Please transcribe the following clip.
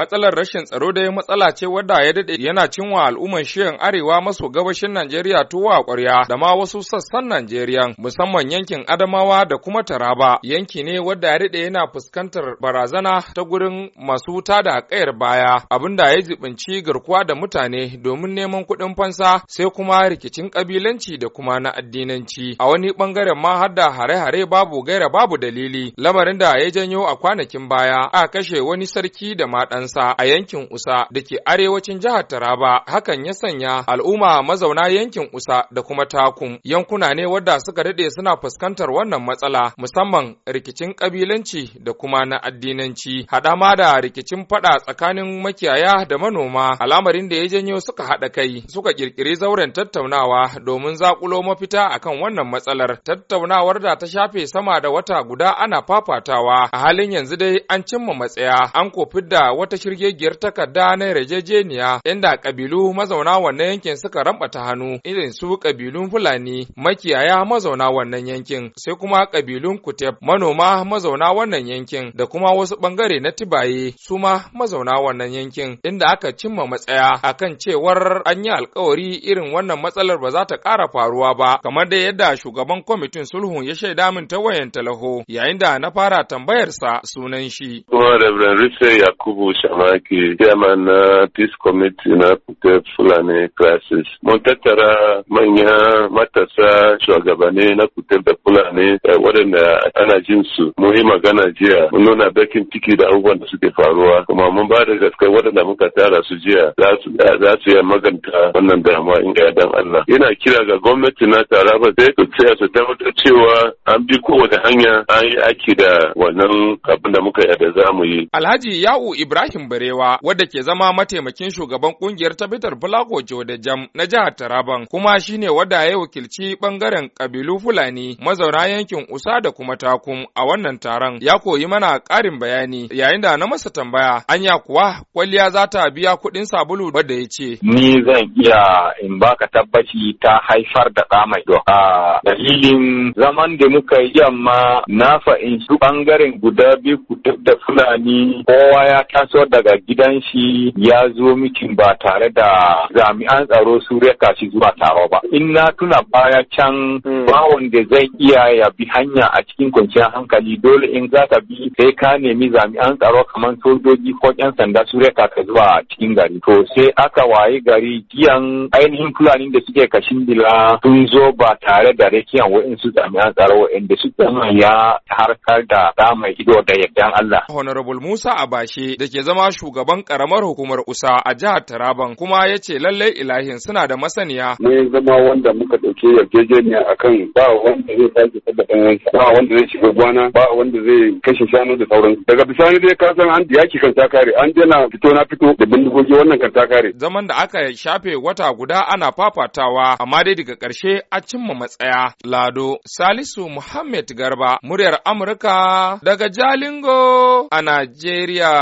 matsalar rashin tsaro da ya matsala ce wadda ya daɗe yana cinwa al'umman shiyan arewa maso gabashin Najeriya tuwa ƙwarya da ma wasu sassan Najeriya musamman yankin Adamawa da kuma Taraba yanki ne wadda ya daɗe yana fuskantar barazana ta gurin masu da kayar baya abinda ya zibinci garkuwa da mutane domin neman kuɗin fansa sai kuma rikicin ƙabilanci da kuma na addinanci a wani ɓangaren ma har da hare-hare babu gaira babu dalili lamarin da ya janyo a kwanakin baya a kashe wani sarki da ma ɗansa kansa a yankin Usa da ke arewacin jihar Taraba hakan ya sanya al'umma mazauna yankin Usa da kuma Takum yankuna ne wadda suka daɗe suna fuskantar wannan matsala musamman rikicin kabilanci da kuma na addinanci Haɗama da rikicin faɗa tsakanin makiyaya da manoma al'amarin da ya janyo suka haɗa kai suka ƙirƙiri zauren tattaunawa domin zakulo mafita akan wannan matsalar tattaunawar da ta shafe sama da wata guda ana fafatawa a halin yanzu dai an cimma matsaya an kofin da wata shirgegiyar takarda na yarjejeniya inda kabilu mazauna wannan yankin suka rambata hannu irin su kabilun Fulani makiyaya mazauna wannan yankin sai kuma kabilun kutep manoma mazauna wannan yankin da kuma wasu bangare na Tibaye su ma mazauna wannan yankin inda aka cimma matsaya akan cewar an yi alkawari irin wannan matsalar ba za ta ƙara faruwa ba kamar da yadda shugaban kwamitin sulhun ya shaida min ta wayan talaho yayin da na fara tambayarsa sunan shi. Kuma Reverend Yakubu shamaki chairman na peace committee na fitar fulani crisis mun tattara manya matasa shugabanni na fitar da fulani waɗanda e, ana jin su mun yi magana jiya mun bakin ciki da abubuwan da suke faruwa kuma mun ba da gaske waɗanda muka tara su jiya za su e maganta wannan dama inga ya dan Allah yana kira ga gwamnati na taraba sai su tsaya su tabbatar cewa an bi kowace hanya an yi da wannan abin da muka yarda za mu yi alhaji ya'u ibrahim Ibrahim Barewa wadda ke zama mataimakin shugaban kungiyar tabitar Fulago jam na jihar Taraban kuma shine wadda ya wakilci bangaren kabilu Fulani mazauna yankin Usa da kuma Takum a wannan taron ya koyi mana karin bayani yayin da na masa tambaya anya kuwa kwalliya za ta biya kuɗin sabulu wadda ya ce. Ni zan iya in baka tabbaci ta haifar da ɗa mai doka. Dalilin zaman da muka yi yamma na fa'in su ɓangaren guda biyu da Fulani kowa ya taso fito daga gidan shi ya zo mikin ba tare da jami'an tsaro su reka shi zuwa taro ba. In na tuna baya can hmm. ba wanda zai iya ya bi hanya a cikin kwanciyar hankali dole in za ka bi sai ka nemi jami'an tsaro kamar sojoji ko 'yan sanda su reka ka zuwa cikin gari. To sai aka waye gari giyan ainihin Fulani da suke kashin bila sun zo ba tare da rakiyan wa'insu jami'an tsaro wa'inda su ya harkar da mai ido da yardan Allah. Honorable Musa Abashe da ke zama shugaban karamar hukumar Usa a jihar Taraban kuma ya ce lallai ilahin suna da masaniya. Ne zama wanda muka ɗauke yarjejeniya akan ba wanda zai sake saba ɗanwansa ba wanda zai shiga gwana ba wanda zai kashe shanu da sauran daga bisani dai ka san an yaki kan ta kare an jana fito na fito da bindigogi wannan kan ta kare. Zaman da aka shafe wata guda ana fafatawa amma dai daga ƙarshe a cimma matsaya. Lado Salisu Muhammad Garba muryar Amurka daga Jalingo a Najeriya.